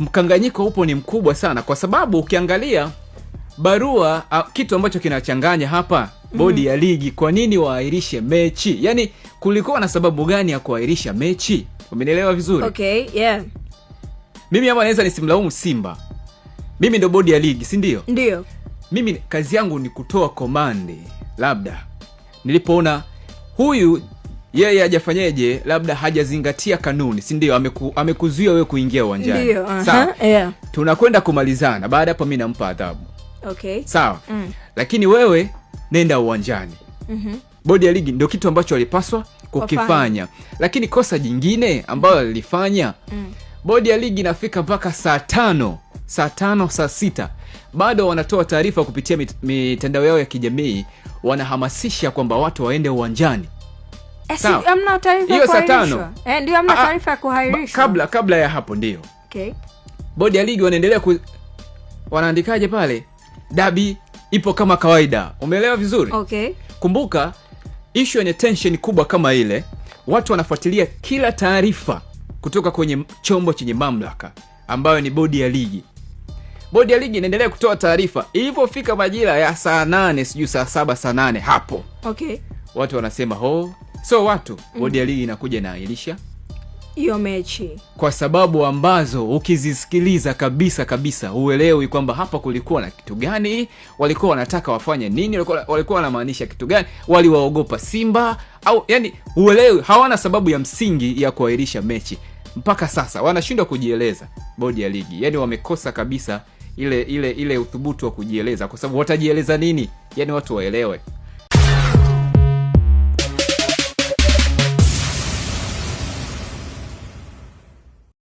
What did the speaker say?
mkanganyiko upo ni mkubwa sana, kwa sababu ukiangalia barua a, kitu ambacho kinachanganya hapa mm-hmm. bodi mm. ya ligi, kwa nini waahirishe mechi? Yani kulikuwa na sababu gani ya kuahirisha mechi? Umenielewa vizuri? Okay, yeah. Mimi hapa naweza nisimlaumu Simba, mimi ndo bodi ya ligi, sindio ndio? Ndio, mimi kazi yangu ni kutoa komandi, labda nilipoona huyu yeye yeah, hajafanyeje, labda hajazingatia kanuni, si ndio? Ameku, amekuzuia wewe kuingia uwanjani uh -huh, sawa yeah. Tunakwenda kumalizana baada hapo, mi nampa adhabu okay. Sawa mm. Lakini wewe nenda uwanjani mm -hmm. Bodi ya ligi ndio kitu ambacho alipaswa kukifanya, lakini kosa jingine ambayo lilifanya mm. Bodi ya ligi inafika mpaka saa tano saa tano saa sita bado wanatoa taarifa kupitia mitandao yao ya kijamii, wanahamasisha kwamba watu waende uwanjani. Eh, hiyo saa tano eh, ah, ah, kabla kabla ya hapo ndio okay. Bodi ya ligi wanaendelea ku... wanaandikaje pale, dabi ipo kama kawaida, umeelewa vizuri okay. Kumbuka ishu yenye tenshen kubwa kama ile, watu wanafuatilia kila taarifa kutoka kwenye chombo chenye mamlaka ambayo ni bodi ya ligi. Bodi ya ligi inaendelea kutoa taarifa, ilivyofika majira ya saa nane sijui saa saba saa nane hapo okay. Watu wanasema ho oh, So watu mm. bodi ya ligi inakuja na airisha hiyo mechi kwa sababu ambazo ukizisikiliza kabisa kabisa uelewi kwamba hapa kulikuwa na kitu gani, walikuwa wanataka wafanye nini, walikuwa wanamaanisha kitu gani, waliwaogopa Simba au yani, uelewi. Hawana sababu ya msingi ya kuahirisha mechi mpaka sasa, wanashindwa kujieleza bodi ya ligi, yani wamekosa kabisa ile ile ile uthubutu wa kujieleza, kwa sababu watajieleza nini? Yani watu waelewe